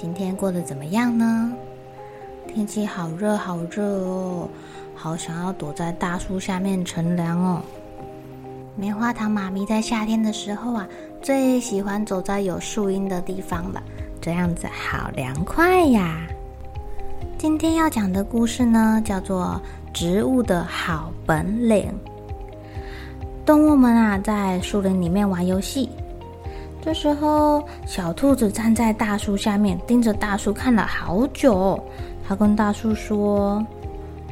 今天過得怎麼樣呢？天氣好熱，好熱哦，好想要躲在大樹下面乘涼哦。棉花糖媽咪在夏天的時候啊，最喜歡走在有樹蔭的地方了，這樣子好涼快呀。今天要講的故事呢，叫做《植物的好本領》。動物們啊，在樹林裡面玩遊戲。這時候，小兔子站在大樹下面，盯着大樹看了好久。它跟大樹說：“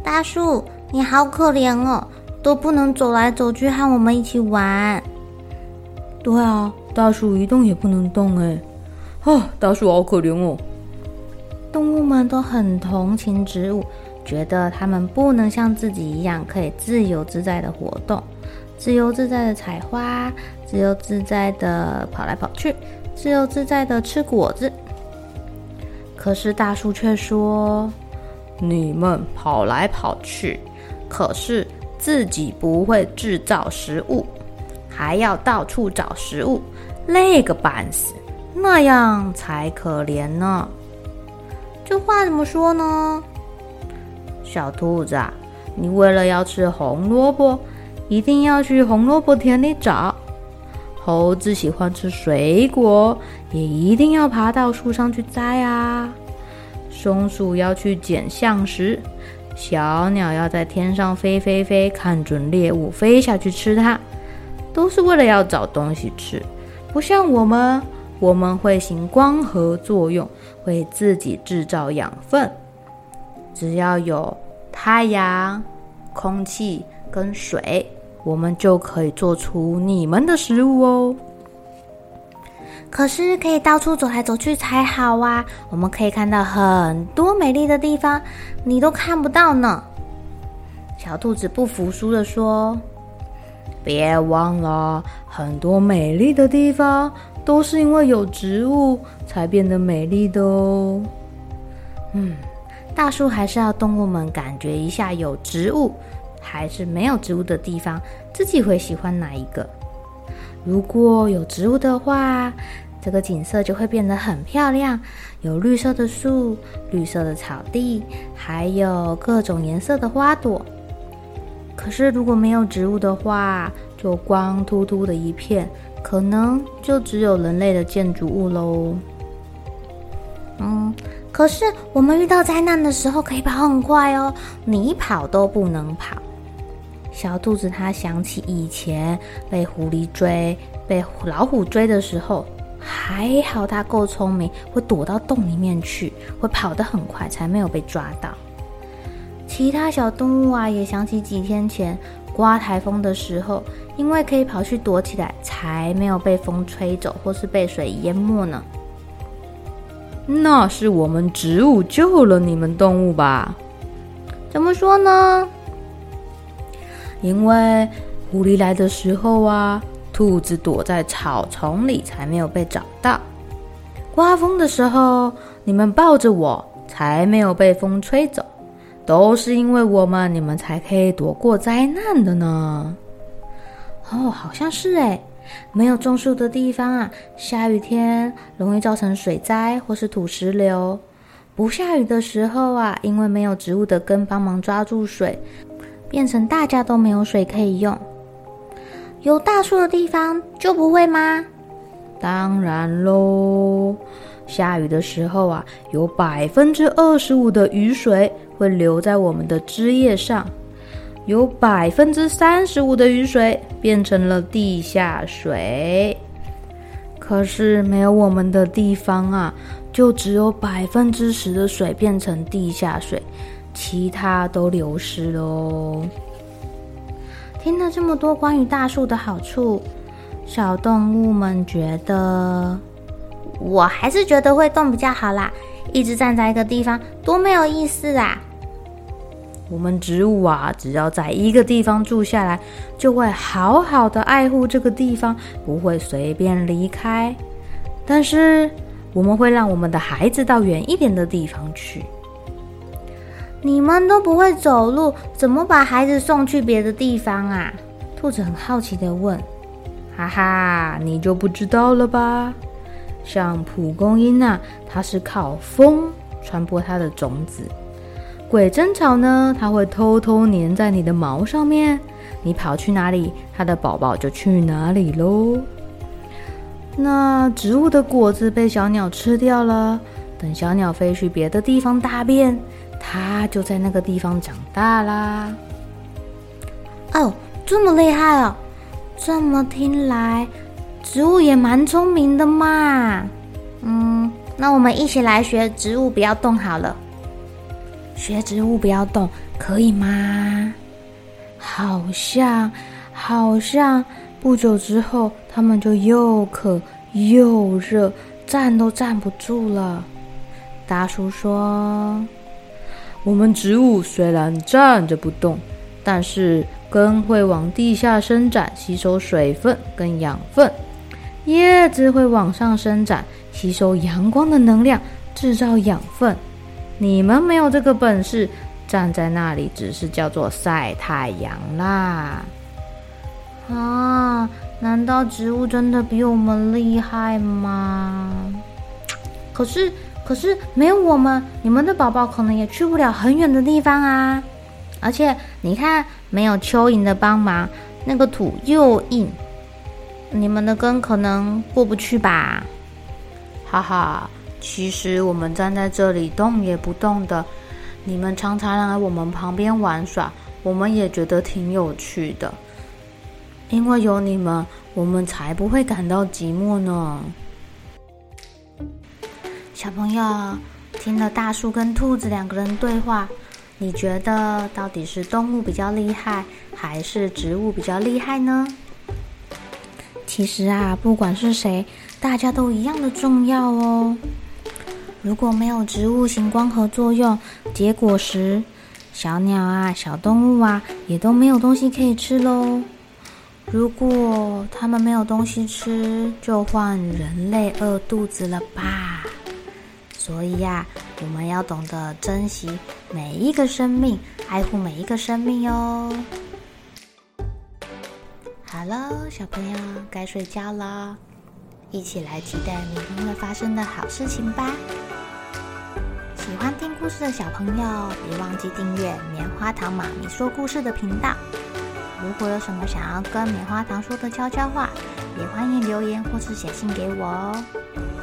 大樹，你好可憐哦，都不能走來走去，和我們一起玩。”“對啊，大樹一動也不能動哎，啊、哦，大樹好可憐哦。”動物們都很同情植物，覺得它們不能像自己一樣，可以自由自在的活動，自由自在的採花。自由自在的跑來跑去，自由自在的吃果子。可是大樹卻說：“你們跑來跑去，可是自己不會製造食物，還要到處找食物，累個半死，那樣才可憐呢。”這話怎麼說呢？小兔子啊，你為了要吃紅蘿蔔，一定要去紅蘿蔔田裡找。猴子喜歡吃水果，也一定要爬到樹上去摘啊。松鼠要去撿橡實，小鳥要在天上飛飛飛，看準獵物飛下去吃它，都是為了要找東西吃。不像我們，我們會行光合作用，為自己製造養分，只要有太陽、空氣跟水。我們就可以做出你們的食物哦。可是可以到處走來走去才好啊！我們可以看到很多美麗的地方，你都看不到呢。小兔子不服輸的說：“別忘了，很多美麗的地方都是因為有植物才變得美麗的哦。”嗯，大樹還是要動物們感覺一下有植物。還是沒有植物的地方，自己會喜歡哪一個？如果有植物的話，這個景色就會變得很漂亮，有綠色的樹、綠色的草地，還有各種顏色的花朵。可是如果沒有植物的話，就光禿禿的一片，可能就只有人類的建築物嘍。嗯，可是我們遇到災難的時候可以跑很快哦，你跑都不能跑。小兔子它想起以前被狐狸追、被老虎追的時候，還好它夠聰明，會躲到洞裡面去，會跑得很快，才沒有被抓到。其他小動物啊，也想起幾天前颳颱風的時候，因為可以跑去躲起來，才沒有被風吹走，或是被水淹沒呢。那是我們植物救了你們動物吧？怎麼說呢？因為狐狸來的時候啊，兔子躲在草叢裡才沒有被找到；刮風的時候，你們抱着我才沒有被風吹走。都是因為我們，你們才可以躲過災難的呢。哦，好像是哎，沒有種樹的地方啊，下雨天容易造成水災或是土石流；不下雨的時候啊，因為沒有植物的根幫忙抓住水。變成大家都沒有水可以用。有大樹的地方就不會嗎？當然嘍！下雨的時候啊，有百分之二十五的雨水會留在我們的枝葉上，有百分之三十五的雨水變成了地下水。可是沒有我們的地方啊，就只有百分之十的水變成地下水。其他都流失了哦。聽了這麼多關於大樹的好處，小動物們覺得，我還是覺得會動比較好啦。一直站在一個地方，多沒有意思啊！我們植物啊，只要在一個地方住下來，就會好好的愛護這個地方，不會隨便離開。但是，我們會讓我們的孩子到遠一點的地方去。你們都不會走路，怎麼把孩子送去別的地方啊？兔子很好奇地問。哈哈，你就不知道了吧？像蒲公英呢、啊，它是靠風傳播它的種子。鬼針草呢，它會偷偷粘在你的毛上面，你跑去哪裡，它的寶寶就去哪裡嘍。那植物的果子被小鳥吃掉了，等小鳥飛去別的地方大便。他就在那個地方長大啦。哦，這麼厲害了！這麼聽來，植物也蠻聰明的嘛。嗯，那我們一起來學“植物不要動”好了。學“植物不要動”可以嗎？好像，好像不久之後，他們就又渴又熱，站都站不住了。大叔說。我們植物雖然站着不動，但是根會往地下伸展，吸收水分跟養分；葉子會往上伸展，吸收陽光的能量，制造養分。你們沒有這個本事，站在那裡只是叫做曬太陽啦。啊，難道植物真的比我們厲害嗎？可是。可是沒有我們，你們的寶寶可能也去不了很遠的地方啊！而且你看，沒有蚯蚓的幫忙，那個土又硬，你們的根可能過不去吧？哈哈，其實我們站在這裡動也不動的，你們常常來我們旁邊玩耍，我們也覺得挺有趣的。因為有你們，我們才不會感到寂寞呢。小朋友聽了大樹跟兔子兩個人對話，你覺得到底是動物比較厲害，還是植物比較厲害呢？其實啊，不管是誰，大家都一樣的重要哦。如果沒有植物行光合作用結果實，小鳥啊、小動物啊也都沒有東西可以吃嘍。如果它們沒有東西吃，就換人類餓肚子了吧。所以呀、啊，我們要懂得珍惜每一個生命，愛護每一個生命喲、哦。哈囉，小朋友，該睡覺啦！一起來期待明天會發生的好事情吧。喜歡聽故事的小朋友，別忘記訂閱《棉花糖媽咪說故事》的頻道。如果有什麼想要跟棉花糖說的悄悄話，也歡迎留言或是寫信給我哦。